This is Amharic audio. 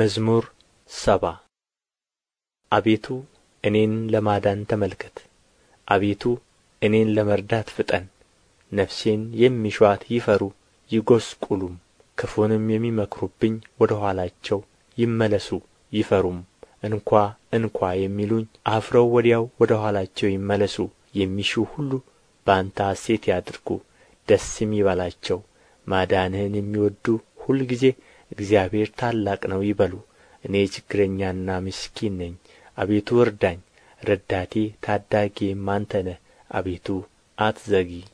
መዝሙር ሰባ አቤቱ እኔን ለማዳን ተመልከት አቤቱ እኔን ለመርዳት ፍጠን ነፍሴን የሚሹአት ይፈሩ ይጐስቍሉም ክፉንም የሚመክሩብኝ ወደ ኋላቸው ይመለሱ ይፈሩም እንኳ እንኳ የሚሉኝ አፍረው ወዲያው ወደ ኋላቸው ይመለሱ የሚሹ ሁሉ በአንተ ሐሴት ያድርጉ ደስም ይበላቸው ማዳንህን የሚወዱ ሁልጊዜ እግዚአብሔር ታላቅ ነው ይበሉ እኔ ችግረኛና ምስኪን ነኝ አቤቱ እርዳኝ ረዳቴ ታዳጊዬም አንተ ነህ አቤቱ አትዘግይ